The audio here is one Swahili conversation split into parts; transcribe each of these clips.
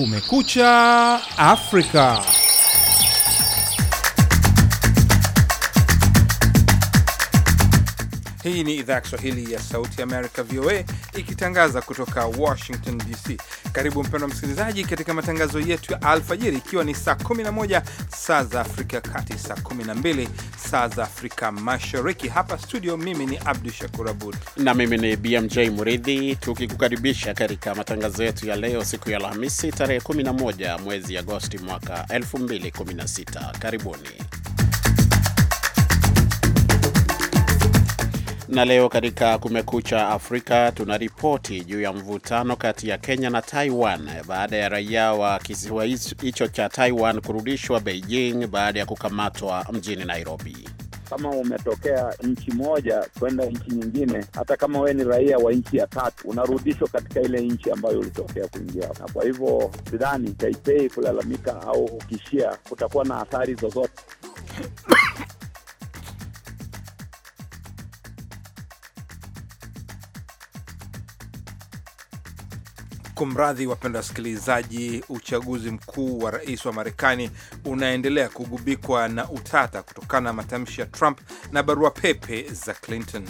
Kumekucha Afrika. Hii ni idhaa ya Kiswahili ya Sauti ya Amerika, VOA, ikitangaza kutoka Washington DC. Karibu mpendwa msikilizaji, katika matangazo yetu ya alfajiri, ikiwa ni saa 11 saa za Afrika ya Kati, saa 12 saa za Afrika Mashariki. Hapa studio, mimi ni Abdu Shakur Abud na mimi ni BMJ Muridhi, tukikukaribisha katika matangazo yetu ya leo, siku ya Alhamisi tarehe 11 mwezi Agosti mwaka 2016. Karibuni. Na leo katika Kumekucha Afrika tuna ripoti juu ya mvutano kati ya Kenya na Taiwan baada ya raia wa kisiwa hicho cha Taiwan kurudishwa Beijing baada ya kukamatwa mjini Nairobi. Kama umetokea nchi moja kwenda nchi nyingine, hata kama wewe ni raia wa nchi ya tatu, unarudishwa katika ile nchi ambayo ulitokea kuingia. Na kwa hivyo sidhani Taipei kulalamika au ukishia kutakuwa na athari zozote. Kumradhi wapenda wasikilizaji, uchaguzi mkuu wa rais wa Marekani unaendelea kugubikwa na utata kutokana na matamshi ya Trump na barua pepe za Clinton.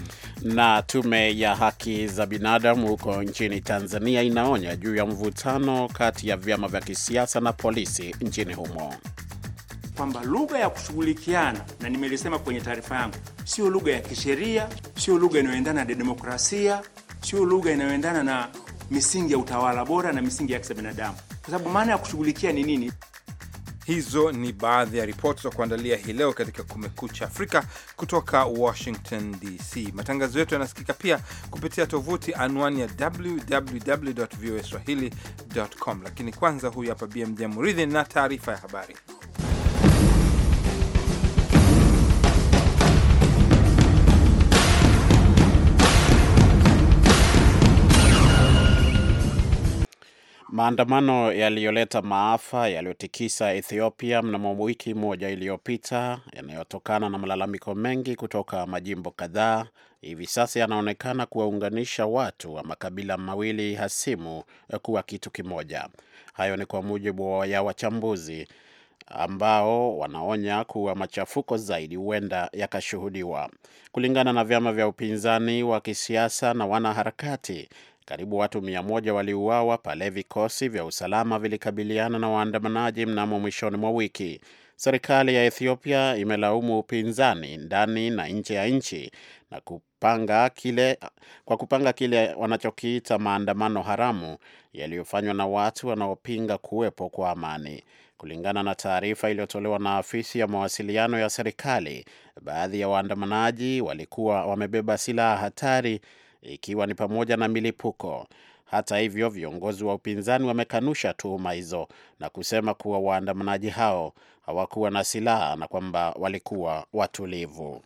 Na tume ya haki za binadamu huko nchini Tanzania inaonya juu ya mvutano kati ya vyama vya kisiasa na polisi nchini humo kwamba lugha ya kushughulikiana na nimelisema kwenye taarifa yangu, sio lugha ya kisheria, sio lugha inayoendana na demokrasia, sio lugha inayoendana na misingi ya utawala bora na misingi ya haki za binadamu, kwa sababu maana ya kushughulikia ni nini? Hizo ni baadhi ya ripoti za kuandalia hii leo katika Kumekucha Afrika kutoka Washington DC. Matangazo yetu yanasikika pia kupitia tovuti anwani ya www voa swahili com, lakini kwanza, huyu hapa BMJ Muridhi na taarifa ya habari. Maandamano yaliyoleta maafa yaliyotikisa Ethiopia mnamo wiki moja iliyopita, yanayotokana na malalamiko mengi kutoka majimbo kadhaa, hivi sasa yanaonekana kuwaunganisha watu wa makabila mawili hasimu eh, kuwa kitu kimoja. Hayo ni kwa mujibu wa ya wachambuzi ambao wanaonya kuwa machafuko zaidi huenda yakashuhudiwa. Kulingana na vyama vya upinzani wa kisiasa na wanaharakati, karibu watu mia moja waliuawa pale vikosi vya usalama vilikabiliana na waandamanaji mnamo mwishoni mwa wiki. Serikali ya Ethiopia imelaumu upinzani ndani na nje ya nchi na kupanga kile, kwa kupanga kile wanachokiita maandamano haramu yaliyofanywa na watu wanaopinga kuwepo kwa amani. Kulingana na taarifa iliyotolewa na afisi ya mawasiliano ya serikali, baadhi ya waandamanaji walikuwa wamebeba silaha hatari ikiwa ni pamoja na milipuko. Hata hivyo, viongozi wa upinzani wamekanusha tuhuma hizo na kusema kuwa waandamanaji hao hawakuwa na silaha na kwamba walikuwa watulivu.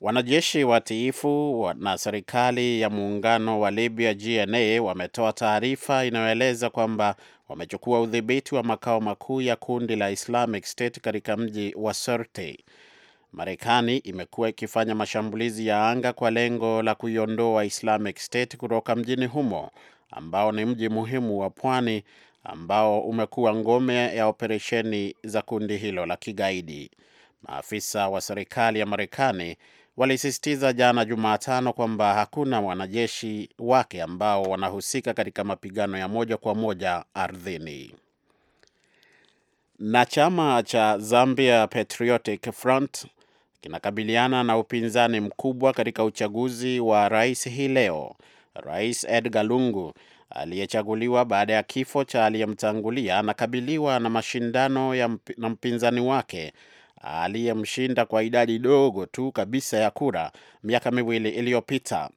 Wanajeshi watiifu na serikali ya muungano wa Libya GNA wametoa taarifa inayoeleza kwamba wamechukua udhibiti wa makao makuu ya kundi la Islamic State katika mji wa Sirte. Marekani imekuwa ikifanya mashambulizi ya anga kwa lengo la kuiondoa Islamic State kutoka mjini humo ambao ni mji muhimu wa pwani ambao umekuwa ngome ya operesheni za kundi hilo la kigaidi. Maafisa wa serikali ya Marekani walisisitiza jana Jumatano kwamba hakuna wanajeshi wake ambao wanahusika katika mapigano ya moja kwa moja ardhini. Na chama cha Zambia Patriotic Front kinakabiliana na upinzani mkubwa katika uchaguzi wa rais hii leo. Rais Edgar Lungu aliyechaguliwa baada ya kifo cha aliyemtangulia anakabiliwa na mashindano ya mp na mpinzani wake aliyemshinda kwa idadi dogo tu kabisa ya kura miaka miwili iliyopita.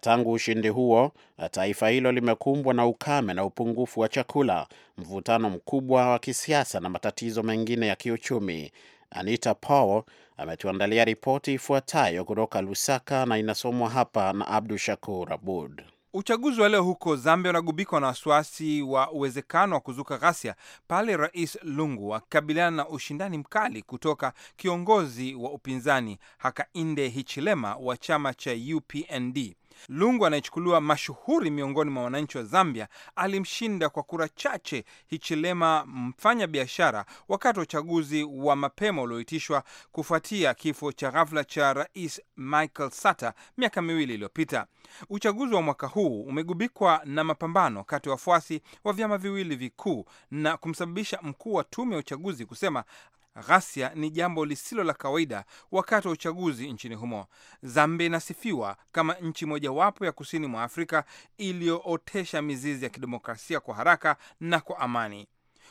Tangu ushindi huo, taifa hilo limekumbwa na ukame na upungufu wa chakula, mvutano mkubwa wa kisiasa na matatizo mengine ya kiuchumi. Anita Powell ametuandalia ripoti ifuatayo kutoka Lusaka na inasomwa hapa na Abdu Shakur Abud. Uchaguzi wa leo huko Zambia unagubikwa na wasiwasi wa uwezekano wa kuzuka ghasia pale Rais Lungu akikabiliana na ushindani mkali kutoka kiongozi wa upinzani Hakainde Hichilema wa chama cha UPND. Lungu anayechukuliwa mashuhuri miongoni mwa wananchi wa Zambia alimshinda kwa kura chache Hichilema, mfanya biashara, wakati wa uchaguzi wa mapema ulioitishwa kufuatia kifo cha ghafla cha Rais Michael Sata miaka miwili iliyopita. Uchaguzi wa mwaka huu umegubikwa na mapambano kati ya wafuasi wa vyama viwili vikuu na kumsababisha mkuu wa tume ya uchaguzi kusema Ghasia ni jambo lisilo la kawaida wakati wa uchaguzi nchini humo. Zambia inasifiwa kama nchi mojawapo ya kusini mwa Afrika iliyootesha mizizi ya kidemokrasia kwa haraka na kwa amani.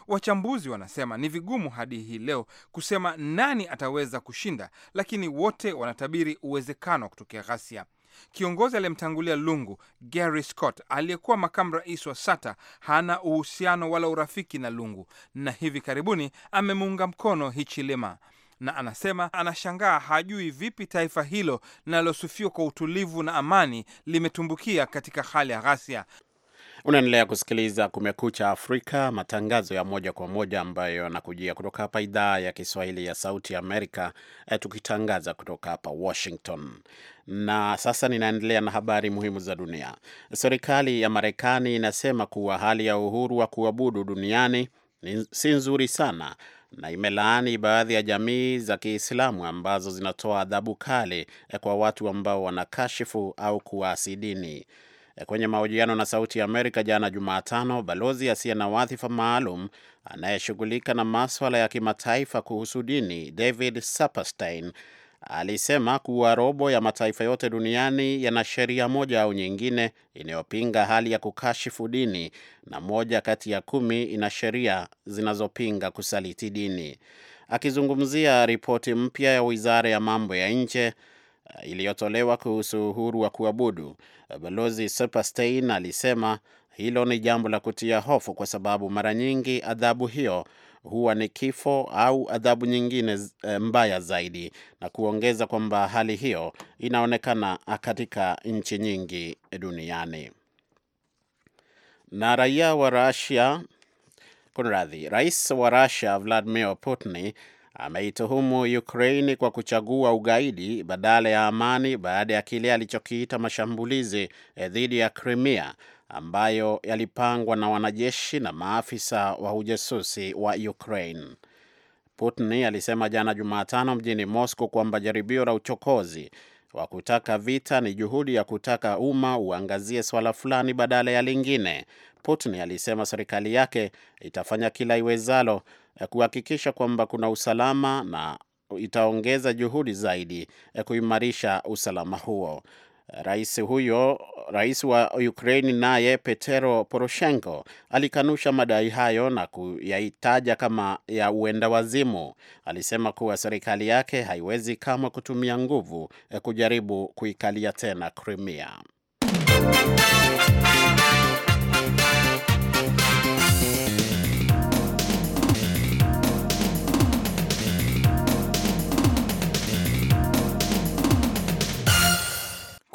Wachambuzi wanasema ni vigumu hadi hii leo kusema nani ataweza kushinda, lakini wote wanatabiri uwezekano wa kutokea ghasia. Kiongozi aliyemtangulia Lungu, Gary Scott, aliyekuwa makamu rais wa Sata, hana uhusiano wala urafiki na Lungu, na hivi karibuni amemuunga mkono Hichilema na anasema anashangaa hajui vipi taifa hilo linalosufiwa kwa utulivu na amani limetumbukia katika hali ya ghasia. Unaendelea kusikiliza Kumekucha Afrika, matangazo ya moja kwa moja ambayo yanakujia kutoka hapa idhaa ya Kiswahili ya Sauti ya Amerika, eh, tukitangaza kutoka hapa Washington. Na sasa ninaendelea na habari muhimu za dunia. Serikali ya Marekani inasema kuwa hali ya uhuru wa kuabudu duniani si nzuri sana na imelaani baadhi ya jamii za Kiislamu ambazo zinatoa adhabu kali eh, kwa watu ambao wanakashifu au kuasi dini. Kwenye mahojiano na Sauti ya Amerika jana Jumatano, balozi asiye na wadhifa maalum anayeshughulika na maswala ya kimataifa kuhusu dini David Saperstein alisema kuwa robo ya mataifa yote duniani yana sheria moja au nyingine inayopinga hali ya kukashifu dini na moja kati ya kumi ina sheria zinazopinga kusaliti dini. Akizungumzia ripoti mpya ya wizara ya mambo ya nje Uh, iliyotolewa kuhusu uhuru wa kuabudu, uh, Balozi Sepperstein alisema hilo ni jambo la kutia hofu kwa sababu mara nyingi adhabu hiyo huwa ni kifo au adhabu nyingine eh, mbaya zaidi, na kuongeza kwamba hali hiyo inaonekana uh, katika nchi nyingi duniani. Na raia wa Russia, kunradhi, rais wa Russia Vladimir Putin ameituhumu Ukraini kwa kuchagua ugaidi badala ya amani baada ya kile alichokiita mashambulizi eh, dhidi ya Crimea ambayo yalipangwa na wanajeshi na maafisa wa ujasusi wa Ukraine. Putin alisema jana Jumatano mjini Moscow kwamba jaribio la uchokozi wa kutaka vita ni juhudi ya kutaka umma uangazie swala fulani badala ya lingine. Putin alisema serikali yake itafanya kila iwezalo Eh, kuhakikisha kwamba kuna usalama na itaongeza juhudi zaidi eh, kuimarisha usalama huo. Eh, rais huyo, rais wa Ukraini naye Petero Poroshenko alikanusha madai hayo na kuyaitaja kama ya uenda wazimu. Alisema kuwa serikali yake haiwezi kamwe kutumia nguvu kujaribu kuikalia tena Crimea.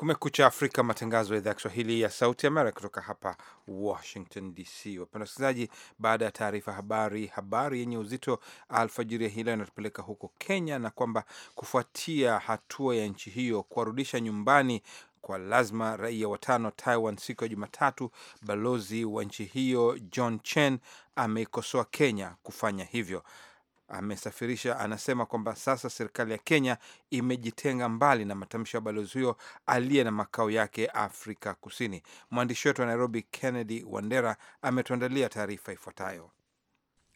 Kumekucha Afrika, matangazo ya idhaa ya Kiswahili ya Sauti Amerika kutoka hapa Washington DC. Wapenda wasikilizaji, baada ya taarifa habari, habari yenye uzito alfajiri ya hii leo inatupeleka huko Kenya, na kwamba kufuatia hatua ya nchi hiyo kuwarudisha nyumbani kwa lazima raia watano Taiwan siku ya Jumatatu, balozi wa nchi hiyo John Chen ameikosoa Kenya kufanya hivyo amesafirisha anasema kwamba sasa serikali ya Kenya imejitenga mbali na matamshi ya balozi huyo aliye na makao yake Afrika Kusini. Mwandishi wetu wa Nairobi, Kennedy Wandera, ametuandalia taarifa ifuatayo.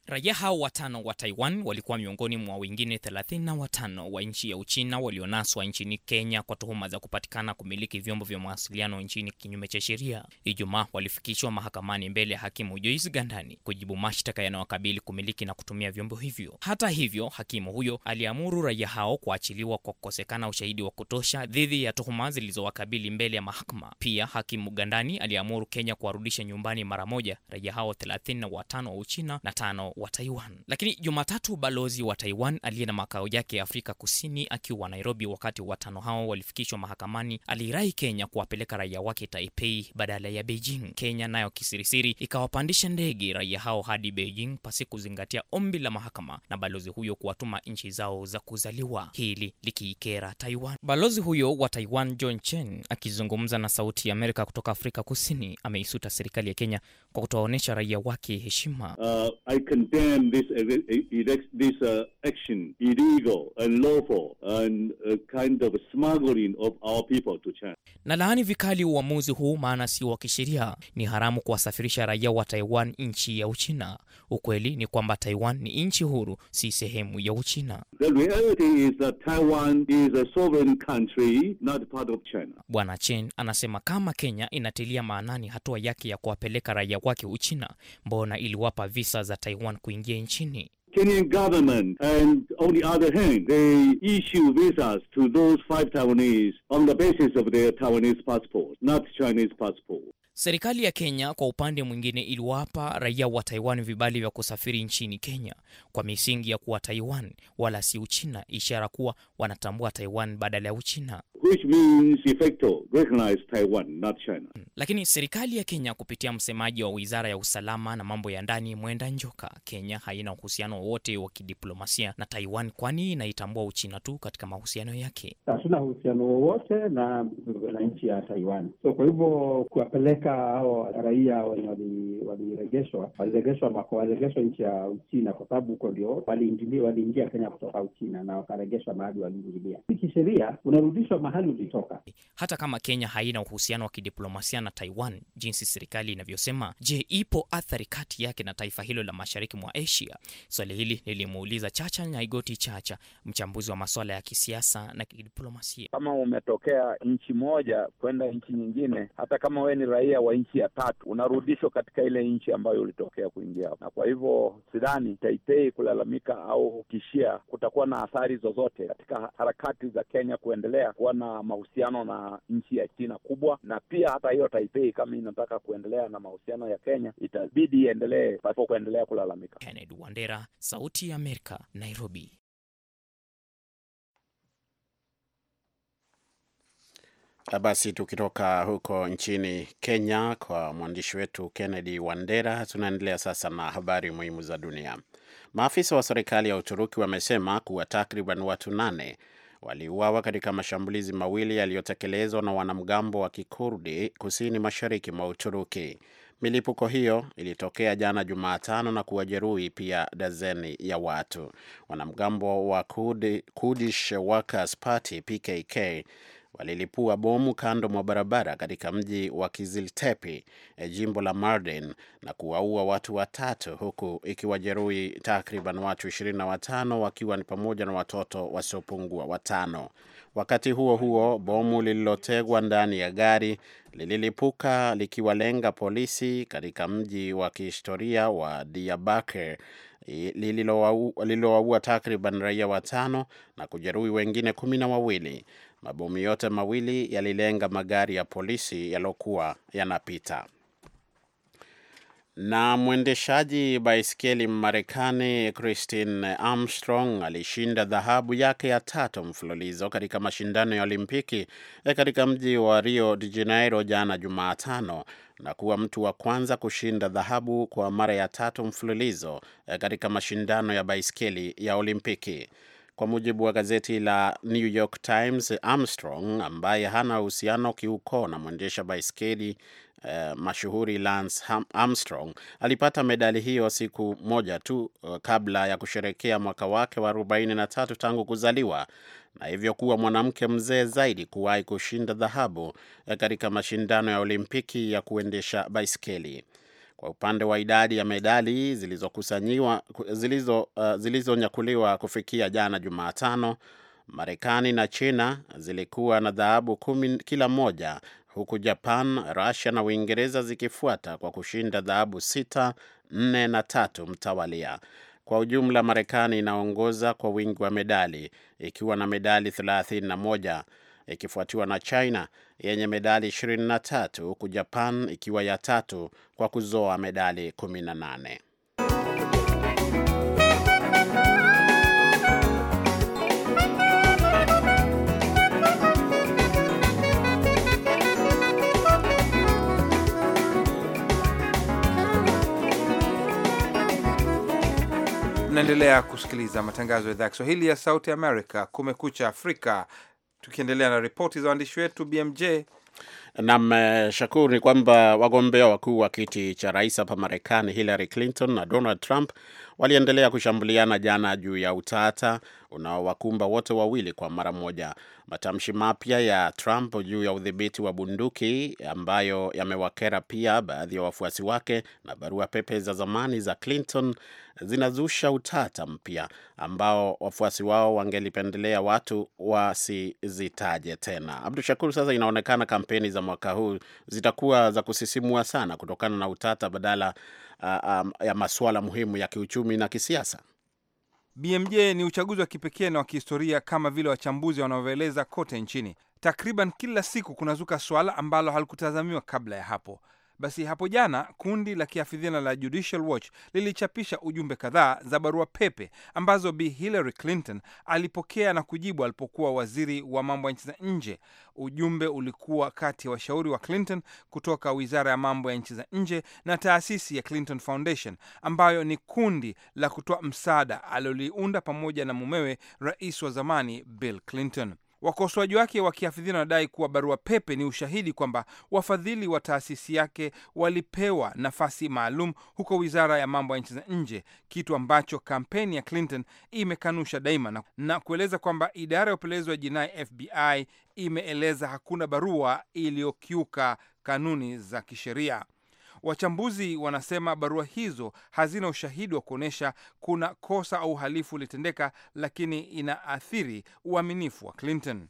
Raia hao watano wa Taiwan walikuwa miongoni mwa wengine 35 wa nchi ya Uchina walionaswa nchini Kenya kwa tuhuma za kupatikana kumiliki vyombo vya mawasiliano nchini kinyume cha sheria. Ijumaa walifikishwa mahakamani mbele ya hakimu Joyce Gandani kujibu mashtaka yanayokabili kumiliki na kutumia vyombo hivyo. Hata hivyo, hakimu huyo aliamuru raia hao kuachiliwa kwa kukosekana ushahidi wa kutosha dhidi ya tuhuma zilizowakabili mbele ya mahakama. Pia hakimu Gandani aliamuru Kenya kuwarudisha nyumbani mara moja raia hao 35 wa Uchina na tano wa Taiwan. Lakini Jumatatu, balozi wa Taiwan aliye na makao yake Afrika Kusini akiwa Nairobi, wakati watano hao walifikishwa mahakamani, alirai Kenya kuwapeleka raia wake Taipei badala ya Beijing. Kenya nayo kisirisiri ikawapandisha ndege raia hao hadi Beijing pasi kuzingatia ombi la mahakama na balozi huyo kuwatuma nchi zao za kuzaliwa, hili likiikera Taiwan. Balozi huyo wa Taiwan John Chen akizungumza na Sauti ya Amerika kutoka Afrika Kusini ameisuta serikali ya Kenya kwa kutowaonyesha raia wake heshima. Uh, I can condemn this uh, uh this uh, action illegal and lawful and a kind of smuggling of our people to China. Na laani vikali uamuzi huu, maana si wa kisheria, ni haramu kuwasafirisha raia wa Taiwan nchi ya Uchina. Ukweli ni kwamba Taiwan ni nchi huru, si sehemu ya Uchina. The reality is that Taiwan is a sovereign country not part of China. Bwana Chen anasema kama Kenya inatilia maanani hatua yake ya kuwapeleka raia wake Uchina, mbona iliwapa visa za Taiwan Taiwan kuingia Kenyan government and on the other hand, they issue visas to those five Taiwanese on the basis of their Taiwanese passport, not Chinese passport. Serikali ya Kenya kwa upande mwingine iliwapa raia wa Taiwan vibali vya kusafiri nchini Kenya kwa misingi ya kuwa Taiwan wala si Uchina, ishara kuwa wanatambua Taiwan badala ya Uchina. Which means effecto, recognize Taiwan, not China. Hmm. Lakini serikali ya Kenya kupitia msemaji wa wizara ya usalama na mambo ya ndani Mwenda Njoka, Kenya haina uhusiano wowote wa kidiplomasia na Taiwan, kwani inaitambua Uchina tu katika mahusiano yake. Hatuna uhusiano wowote na, na nchi ya Taiwan, so kwa hivyo kuwapeleka kuwaweka hao raia waliregeshwa waliregeshwa walirejeshwa nchi ya Uchina kwa sababu huko ndio waliingia Kenya kutoka Uchina na wakaregeshwa mahali waliingilia. Kisheria unarudishwa mahali ulitoka. Hata kama Kenya haina uhusiano wa kidiplomasia na Taiwan jinsi serikali inavyosema, je, ipo athari kati yake na taifa hilo la mashariki mwa Asia? Swali hili lilimuuliza Chacha Nyaigoti Chacha, mchambuzi wa masuala ya kisiasa na kidiplomasia. Kama umetokea nchi moja kwenda nchi nyingine, hata kama wewe ni raia raia wa nchi ya tatu unarudishwa katika ile nchi ambayo ulitokea kuingia, na kwa hivyo sidhani Taipei kulalamika au kishia kutakuwa na athari zozote katika harakati za Kenya kuendelea kuwa na mahusiano na nchi ya China kubwa. Na pia hata hiyo Taipei kama inataka kuendelea na mahusiano ya Kenya itabidi iendelee pasipo kuendelea kulalamika. Kennedy Wandera, Sauti ya Amerika, Nairobi. Basi tukitoka huko nchini Kenya kwa mwandishi wetu Kennedy Wandera, tunaendelea sasa na habari muhimu za dunia. Maafisa wa serikali ya Uturuki wamesema kuwa takriban watu nane waliuawa katika mashambulizi mawili yaliyotekelezwa na wanamgambo wa Kikurdi kusini mashariki mwa Uturuki. Milipuko hiyo ilitokea jana Jumatano na kuwajeruhi pia dazeni ya watu. Wanamgambo wa Kurdish Workers Party PKK walilipua bomu kando mwa barabara katika mji wa Kiziltepi, eh, jimbo la Mardin, na kuwaua watu watatu huku ikiwajeruhi takriban watu watano wakiwa ni pamoja na watoto wasiopungua watano. Wakati huo huo, bomu lililotegwa ndani ya gari lililipuka likiwalenga polisi katika mji wa kihistoria wa Diyarbakir lililowaua takriban raia watano na kujeruhi wengine kumi na wawili. Mabomu yote mawili yalilenga magari ya polisi yaliyokuwa yanapita. Na mwendeshaji baiskeli marekani Christine Armstrong alishinda dhahabu yake ya tatu mfululizo katika mashindano ya Olimpiki e, katika mji wa Rio de Janeiro jana Jumatano na kuwa mtu wa kwanza kushinda dhahabu kwa mara ya tatu mfululizo e, katika mashindano ya baiskeli ya Olimpiki. Kwa mujibu wa gazeti la New York Times, Armstrong ambaye hana uhusiano kiukoo na mwendesha baiskeli Eh, mashuhuri Lance Armstrong alipata medali hiyo siku moja tu eh, kabla ya kusherekea mwaka wake wa 43 tangu kuzaliwa na hivyo kuwa mwanamke mzee zaidi kuwahi kushinda dhahabu eh, katika mashindano ya Olimpiki ya kuendesha baiskeli. Kwa upande wa idadi ya medali zilizonyakuliwa zilizo, uh, zilizo kufikia jana Jumatano Marekani na China zilikuwa na dhahabu kumi kila moja, huku Japan, Rusia na Uingereza zikifuata kwa kushinda dhahabu sita, nne na tatu mtawalia. Kwa ujumla, Marekani inaongoza kwa wingi wa medali ikiwa na medali 31 ikifuatiwa na China yenye medali 23 huku Japan ikiwa ya tatu kwa kuzoa medali 18. Mnaendelea kusikiliza matangazo ya idhaa ya Kiswahili ya Sauti Amerika, Kumekucha Afrika, tukiendelea na ripoti za waandishi wetu BMJ Nam eh, Shakur, ni kwamba wagombea wakuu wa kiti cha rais hapa Marekani, Hillary Clinton na Donald Trump waliendelea kushambuliana jana juu ya utata unaowakumba wote wawili kwa mara moja. Matamshi mapya ya Trump juu ya udhibiti wa bunduki ambayo yamewakera pia baadhi ya wafuasi wake na barua pepe za zamani za Clinton zinazusha utata mpya ambao wafuasi wao wangelipendelea watu wasizitaje tena. Abdu Shakur, sasa inaonekana kampeni za mwaka huu zitakuwa za kusisimua sana kutokana na utata badala uh, um, ya masuala muhimu ya kiuchumi na kisiasa. BMJ ni uchaguzi wa kipekee na wa kihistoria kama vile wachambuzi wanavyoeleza kote nchini. Takriban kila siku kunazuka swala ambalo halikutazamiwa kabla ya hapo. Basi hapo jana kundi la kiafidhina la Judicial Watch lilichapisha ujumbe kadhaa za barua pepe ambazo Bi Hillary Clinton alipokea na kujibu alipokuwa waziri wa mambo ya nchi za nje. Ujumbe ulikuwa kati ya wa washauri wa Clinton kutoka wizara ya mambo ya nchi za nje na taasisi ya Clinton Foundation, ambayo ni kundi la kutoa msaada aliloliunda pamoja na mumewe rais wa zamani Bill Clinton. Wakosoaji wake wa kihafidhina wanadai kuwa barua pepe ni ushahidi kwamba wafadhili wa taasisi yake walipewa nafasi maalum huko wizara ya mambo ya nchi za nje, kitu ambacho kampeni ya Clinton imekanusha daima na kueleza kwamba idara ya upelelezi wa jinai FBI imeeleza hakuna barua iliyokiuka kanuni za kisheria. Wachambuzi wanasema barua hizo hazina ushahidi wa kuonyesha kuna kosa au uhalifu ulitendeka, lakini inaathiri uaminifu wa Clinton.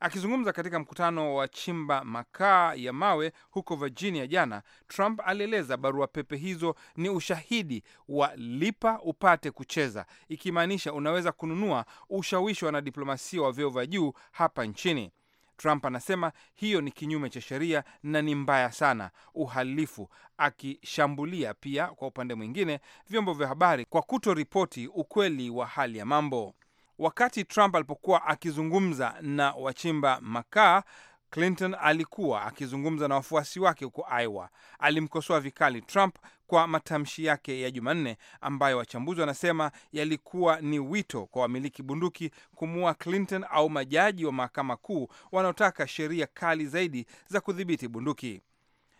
Akizungumza katika mkutano wa chimba makaa ya mawe huko Virginia jana, Trump alieleza barua pepe hizo ni ushahidi wa lipa upate kucheza, ikimaanisha unaweza kununua ushawishi wa wanadiplomasia wa vyeo vya juu hapa nchini. Trump anasema hiyo ni kinyume cha sheria na ni mbaya sana, uhalifu, akishambulia pia kwa upande mwingine vyombo vya habari kwa kutoripoti ukweli wa hali ya mambo. Wakati Trump alipokuwa akizungumza na wachimba makaa Clinton alikuwa akizungumza na wafuasi wake huko Iowa. Alimkosoa vikali Trump kwa matamshi yake ya Jumanne ambayo wachambuzi wanasema yalikuwa ni wito kwa wamiliki bunduki kumuua Clinton au majaji wa mahakama kuu wanaotaka sheria kali zaidi za kudhibiti bunduki.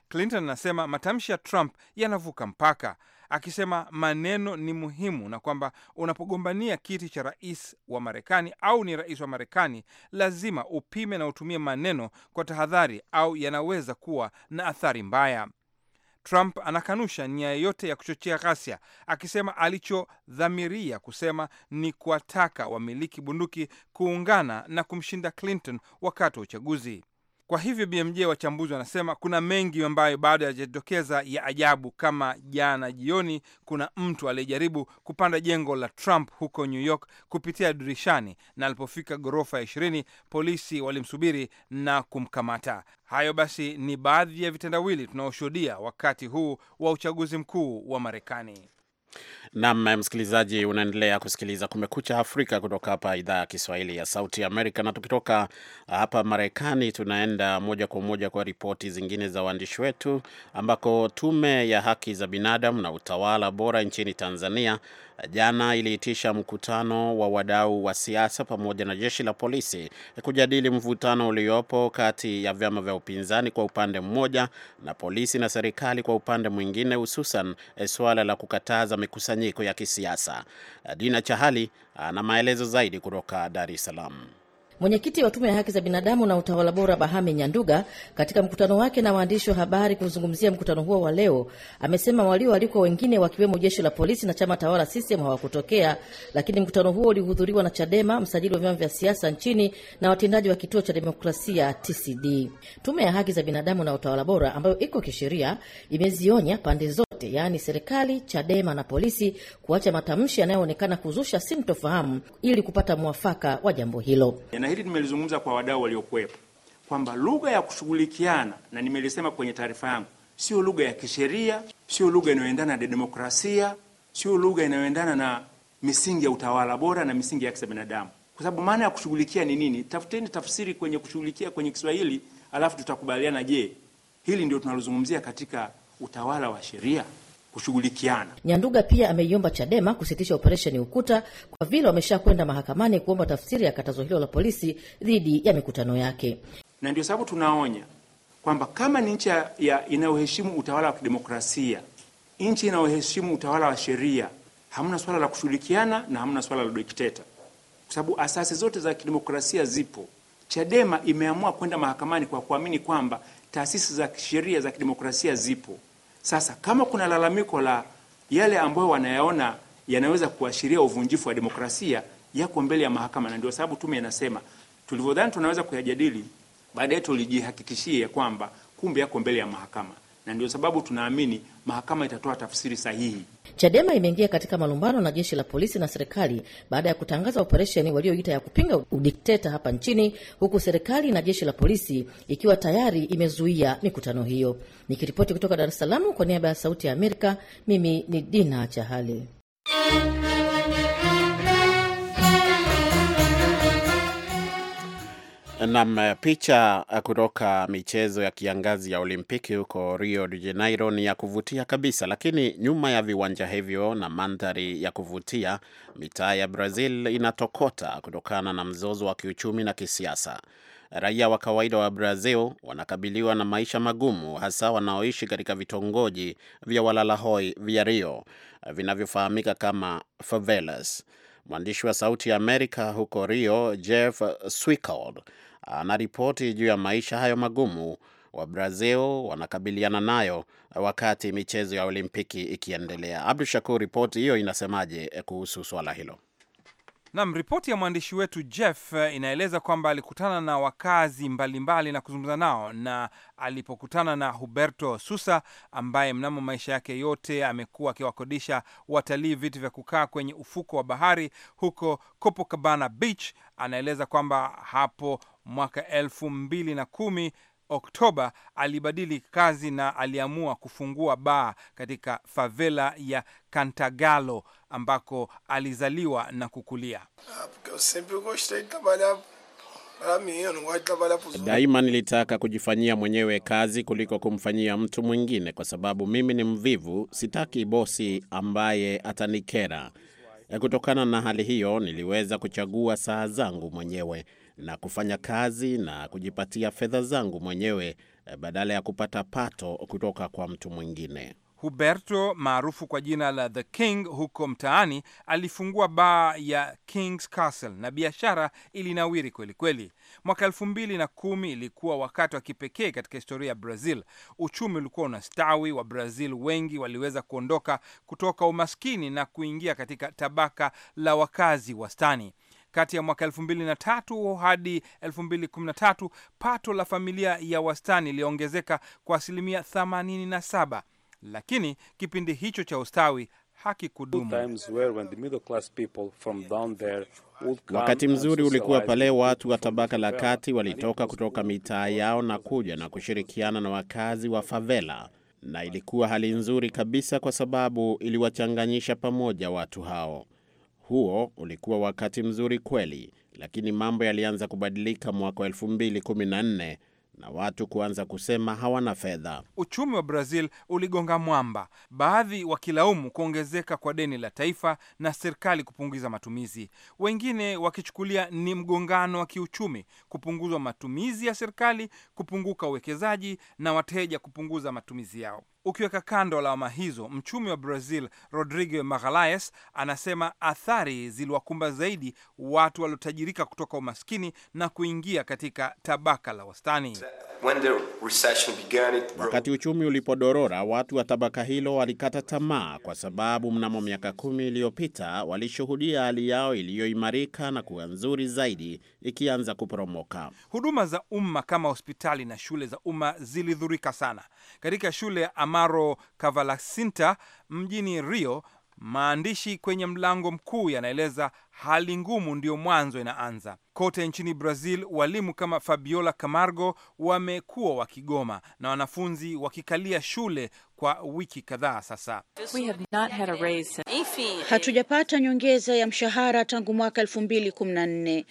Clinton anasema matamshi ya Trump yanavuka mpaka akisema maneno ni muhimu na kwamba unapogombania kiti cha rais wa Marekani au ni rais wa Marekani, lazima upime na utumie maneno kwa tahadhari, au yanaweza kuwa na athari mbaya. Trump anakanusha nia yeyote ya kuchochea ghasia, akisema alichodhamiria kusema ni kuwataka wamiliki bunduki kuungana na kumshinda Clinton wakati wa uchaguzi. Kwa hivyo BMJ, wachambuzi wanasema kuna mengi ambayo bado yajitokeza ya ajabu, kama jana jioni, kuna mtu aliyejaribu kupanda jengo la Trump huko New York kupitia dirishani, na alipofika ghorofa ya ishirini polisi walimsubiri na kumkamata. Hayo basi ni baadhi ya vitendawili tunaoshuhudia wakati huu wa uchaguzi mkuu wa Marekani. Nam eh, msikilizaji, unaendelea kusikiliza Kumekucha Afrika kutoka hapa idhaa ya Kiswahili ya Sauti Amerika. Na tukitoka hapa Marekani, tunaenda moja kwa moja kwa ripoti zingine za waandishi wetu, ambako tume ya haki za binadamu na utawala bora nchini Tanzania eh, jana iliitisha mkutano wa wadau wa siasa pamoja na jeshi la polisi eh, kujadili mvutano uliopo kati ya vyama vya upinzani kwa upande mmoja na polisi na serikali kwa upande mwingine, hususan suala la kukataza mikusanyiko mikusanyiko ya kisiasa. Dina Chahali ana maelezo zaidi kutoka Dar es Salaam. Mwenyekiti wa Tume ya Haki za Binadamu na Utawala Bora Bahame Nyanduga, katika mkutano wake na waandishi wa habari kuzungumzia mkutano huo wa leo, amesema walioalikwa wengine wakiwemo jeshi la polisi na chama tawala CCM hawakutokea, lakini mkutano huo ulihudhuriwa na CHADEMA, msajili wa vyama vya siasa nchini na watendaji wa kituo cha demokrasia TCD. Tume ya Haki za Binadamu na Utawala Bora ambayo iko kisheria imezionya pande wote, yaani serikali, Chadema na polisi kuacha matamshi yanayoonekana kuzusha sintofahamu ili kupata mwafaka wa jambo hilo. Na hili nimelizungumza kwa wadau waliokuwepo kwamba lugha ya kushughulikiana, na nimelisema kwenye taarifa yangu, sio lugha ya kisheria, sio lugha inayoendana na demokrasia, sio lugha inayoendana na misingi ya utawala bora na misingi ya haki za binadamu, kwa sababu maana ya kushughulikia ni nini? Tafuteni tafsiri kwenye kushughulikia kwenye Kiswahili, alafu tutakubaliana, je, hili ndio tunalozungumzia katika utawala wa sheria kushughulikiana. Nyanduga pia ameiomba Chadema kusitisha operesheni Ukuta kwa vile wamesha kwenda mahakamani kuomba tafsiri ya katazo hilo la polisi dhidi ya mikutano yake, na ndio sababu tunaonya kwamba kama ni nchi inayoheshimu utawala wa kidemokrasia, nchi inayoheshimu utawala wa sheria, hamna swala la kushughulikiana na hamna swala la dikteta, kwa sababu asasi zote za kidemokrasia zipo. Chadema imeamua kwenda mahakamani kwa kuamini kwamba taasisi za sheria za kidemokrasia zipo. Sasa kama kuna lalamiko la yale ambayo wanayaona yanaweza kuashiria uvunjifu wa demokrasia, yako mbele ya mahakama, na ndio sababu tume inasema tulivyodhani tunaweza kuyajadili, baadaye tulijihakikishie kwamba kumbe yako mbele ya mahakama na ndio sababu tunaamini mahakama itatoa tafsiri sahihi. Chadema imeingia katika malumbano na jeshi la polisi na serikali baada ya kutangaza operesheni walioita ya kupinga udikteta hapa nchini, huku serikali na jeshi la polisi ikiwa tayari imezuia mikutano hiyo. Nikiripoti kutoka Dar es Salaam kwa niaba ya Sauti ya Amerika, mimi ni Dina Chahali. Nam, eh, picha eh, kutoka michezo ya kiangazi ya Olimpiki huko Rio de Janeiro ni ya kuvutia kabisa, lakini nyuma ya viwanja hivyo na mandhari ya kuvutia, mitaa ya Brazil inatokota kutokana na mzozo wa kiuchumi na kisiasa. Raia wa kawaida wa Brazil wanakabiliwa na maisha magumu, hasa wanaoishi katika vitongoji vya walalahoi vya Rio eh, vinavyofahamika kama favelas. Mwandishi wa Sauti ya Amerika huko Rio, Jeff Swicold anaripoti juu ya maisha hayo magumu wa Brazil wanakabiliana nayo wakati michezo ya Olimpiki ikiendelea. Abdu Shakur, ripoti hiyo inasemaje kuhusu swala hilo? Nam, ripoti ya mwandishi wetu Jeff eh, inaeleza kwamba alikutana na wakazi mbalimbali mbali na kuzungumza nao, na alipokutana na Huberto Susa ambaye mnamo maisha yake yote amekuwa akiwakodisha watalii viti vya kukaa kwenye ufuko wa bahari huko Copacabana Beach, anaeleza kwamba hapo mwaka elfu mbili na kumi Oktoba alibadili kazi na aliamua kufungua baa katika favela ya Cantagalo ambako alizaliwa na kukulia. Daima nilitaka kujifanyia mwenyewe kazi kuliko kumfanyia mtu mwingine, kwa sababu mimi ni mvivu. Sitaki bosi ambaye atanikera. Kutokana na hali hiyo, niliweza kuchagua saa zangu mwenyewe na kufanya kazi na kujipatia fedha zangu mwenyewe eh, badala ya kupata pato kutoka kwa mtu mwingine. Huberto maarufu kwa jina la The King huko mtaani alifungua baa ya King's Castle na biashara ilinawiri kweli kweli. Mwaka elfu mbili na kumi ilikuwa wakati wa kipekee katika historia ya Brazil. Uchumi ulikuwa unastawi, wa Brazil wengi waliweza kuondoka kutoka umaskini na kuingia katika tabaka la wakazi wastani. Kati ya mwaka 2003 hadi 2013 pato la familia ya wastani iliongezeka kwa asilimia 87, lakini kipindi hicho cha ustawi hakikudumu. Wakati mzuri ulikuwa pale watu wa tabaka la kati walitoka kutoka mitaa yao na kuja na kushirikiana na wakazi wa favela, na ilikuwa hali nzuri kabisa, kwa sababu iliwachanganyisha pamoja watu hao. Huo ulikuwa wakati mzuri kweli, lakini mambo yalianza kubadilika mwaka 214 2014 na watu kuanza kusema hawana fedha. Uchumi wa Brazil uligonga mwamba, baadhi wakilaumu kuongezeka kwa deni la taifa na serikali kupunguza matumizi, wengine wakichukulia ni mgongano wa kiuchumi, kupunguzwa matumizi ya serikali, kupunguka uwekezaji na wateja kupunguza matumizi yao. Ukiweka kando lawama hizo, mchumi wa Brazil Rodrigo Magalhaes anasema athari ziliwakumba zaidi watu waliotajirika kutoka umaskini na kuingia katika tabaka la wastani when the recession began, it wakati uchumi ulipodorora, watu wa tabaka hilo walikata tamaa, kwa sababu mnamo miaka kumi iliyopita walishuhudia hali yao iliyoimarika na kuwa nzuri zaidi ikianza kuporomoka. Huduma za umma kama hospitali na shule za umma zilidhurika sana. Katika shule ya Amaro Kavalasinta mjini Rio Maandishi kwenye mlango mkuu yanaeleza hali ngumu ndiyo mwanzo inaanza. Kote nchini Brazil, walimu kama Fabiola Camargo wamekuwa wakigoma na wanafunzi wakikalia shule kwa wiki kadhaa sasa. Hatujapata nyongeza ya mshahara tangu mwaka elfu mbili kumi na nne.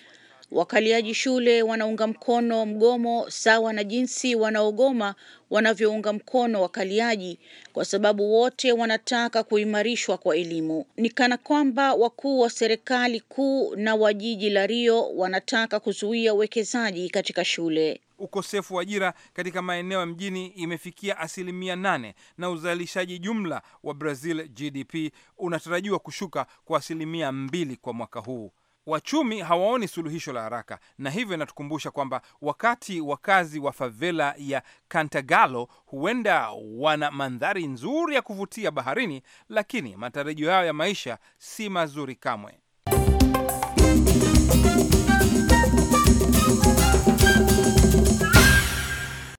Wakaliaji shule wanaunga mkono mgomo sawa na jinsi wanaogoma wanavyounga mkono wakaliaji, kwa sababu wote wanataka kuimarishwa kwa elimu. Ni kana kwamba wakuu wa serikali kuu na wa jiji la Rio wanataka kuzuia uwekezaji katika shule. Ukosefu wa ajira katika maeneo ya mjini imefikia asilimia nane na uzalishaji jumla wa Brazil GDP unatarajiwa kushuka kwa asilimia mbili kwa mwaka huu wachumi hawaoni suluhisho la haraka, na hivyo inatukumbusha kwamba wakati wakazi wa favela ya Cantagalo huenda wana mandhari nzuri ya kuvutia baharini, lakini matarajio yao ya maisha si mazuri kamwe.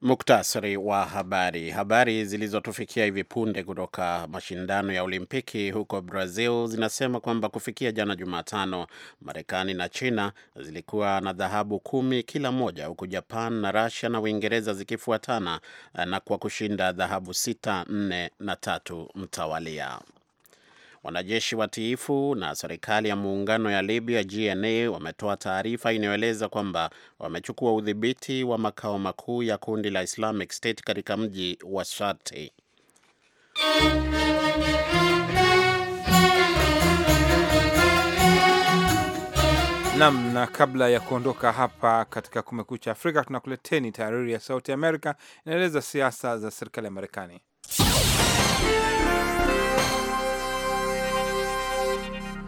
Muktasari wa habari. Habari zilizotufikia hivi punde kutoka mashindano ya Olimpiki huko Brazil zinasema kwamba kufikia jana Jumatano, Marekani na China zilikuwa na dhahabu kumi kila moja, huku Japan na rusia na Uingereza zikifuatana eh, na kwa kushinda dhahabu sita, nne na tatu mtawalia. Wanajeshi watiifu na serikali ya muungano ya Libya GNA wametoa taarifa inayoeleza kwamba wamechukua udhibiti wa makao makuu ya kundi la Islamic State katika mji wa Shati. Nam, na kabla ya kuondoka hapa katika Kumekucha Afrika, tunakuleteni tahariri ya Sauti Amerika inaeleza siasa za serikali ya Marekani.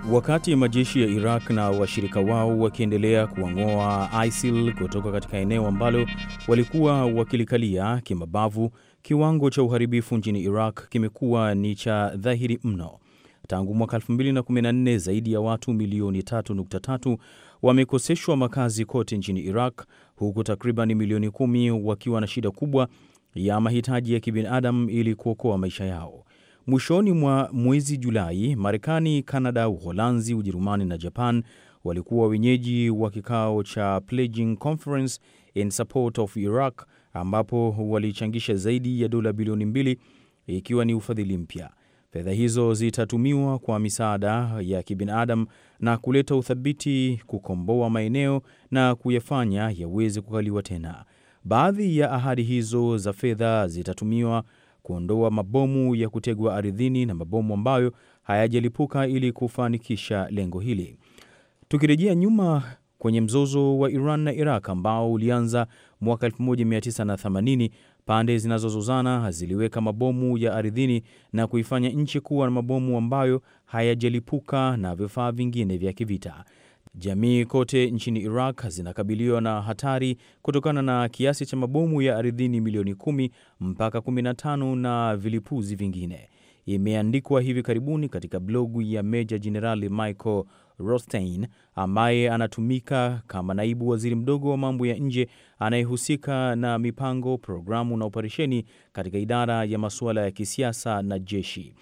Wakati majeshi ya Iraq na washirika wao wakiendelea kuwang'oa ISIL kutoka katika eneo ambalo walikuwa wakilikalia kimabavu, kiwango cha uharibifu nchini Iraq kimekuwa ni cha dhahiri mno. Tangu mwaka 2014 zaidi ya watu milioni 3.3 wamekoseshwa makazi kote nchini Iraq, huku takriban milioni kumi wakiwa na shida kubwa ya mahitaji ya kibinadamu ili kuokoa maisha yao. Mwishoni mwa mwezi Julai, Marekani, Kanada, Uholanzi, Ujerumani na Japan walikuwa wenyeji wa kikao cha Pledging Conference in Support of Iraq ambapo walichangisha zaidi ya dola bilioni mbili ikiwa ni ufadhili mpya. Fedha hizo zitatumiwa kwa misaada ya kibinadamu na kuleta uthabiti, kukomboa maeneo na kuyafanya yaweze kukaliwa tena. Baadhi ya ahadi hizo za fedha zitatumiwa kuondoa mabomu ya kutegwa ardhini na mabomu ambayo hayajalipuka ili kufanikisha lengo hili. Tukirejea nyuma kwenye mzozo wa Iran na Iraq ambao ulianza mwaka 1980, pande zinazozozana ziliweka mabomu ya ardhini na kuifanya nchi kuwa na mabomu ambayo hayajalipuka na vifaa vingine vya kivita. Jamii kote nchini Iraq zinakabiliwa na hatari kutokana na kiasi cha mabomu ya ardhini milioni 10 mpaka 15 na vilipuzi vingine, imeandikwa hivi karibuni katika blogu ya Meja Jenerali Michael Rothstein ambaye anatumika kama naibu waziri mdogo wa mambo ya nje anayehusika na mipango, programu na operesheni katika idara ya masuala ya kisiasa na jeshi.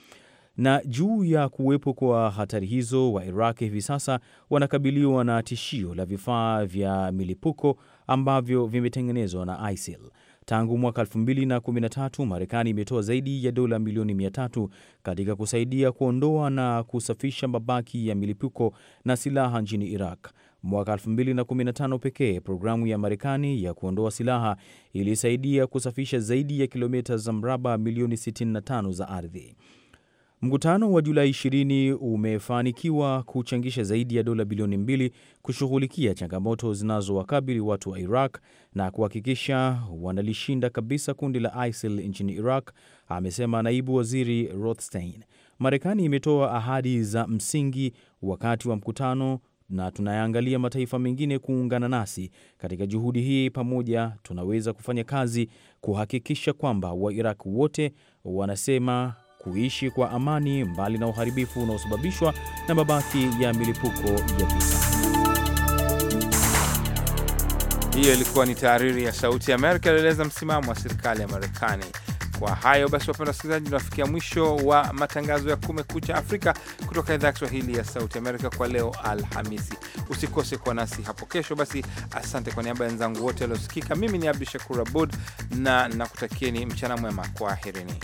Na juu ya kuwepo kwa hatari hizo, wa Iraq hivi sasa wanakabiliwa na tishio la vifaa vya milipuko ambavyo vimetengenezwa na ISIL. Tangu mwaka 2013 Marekani imetoa zaidi ya dola milioni 300 katika kusaidia kuondoa na kusafisha mabaki ya milipuko na silaha nchini Iraq. Mwaka 2015 pekee, programu ya Marekani ya kuondoa silaha ilisaidia kusafisha zaidi ya kilomita za mraba milioni 65 za ardhi. Mkutano wa Julai 20 umefanikiwa kuchangisha zaidi ya dola bilioni mbili kushughulikia changamoto zinazowakabili watu wa Iraq na kuhakikisha wanalishinda kabisa kundi la ISIL nchini Iraq, amesema naibu waziri Rothstein. Marekani imetoa ahadi za msingi wakati wa mkutano na tunayaangalia mataifa mengine kuungana nasi katika juhudi hii. Pamoja tunaweza kufanya kazi kuhakikisha kwamba Wairaq wote wanasema kuishi kwa amani mbali na uharibifu unaosababishwa na mabaki ya milipuko ya vita. Hiyo ilikuwa ni tahariri ya Sauti ya Amerika ilieleza msimamo wa serikali ya Marekani. Kwa hayo basi, wapenda wasikilizaji, tunafikia mwisho wa matangazo ya Kumekucha Afrika kutoka idhaa ya Kiswahili ya Sauti Amerika kwa leo Alhamisi. Usikose kuwa nasi hapo kesho. Basi asante kwa niaba ya wenzangu wote waliosikika, mimi ni Abdu Shakur Abud na nakutakieni mchana mwema, kwaherini.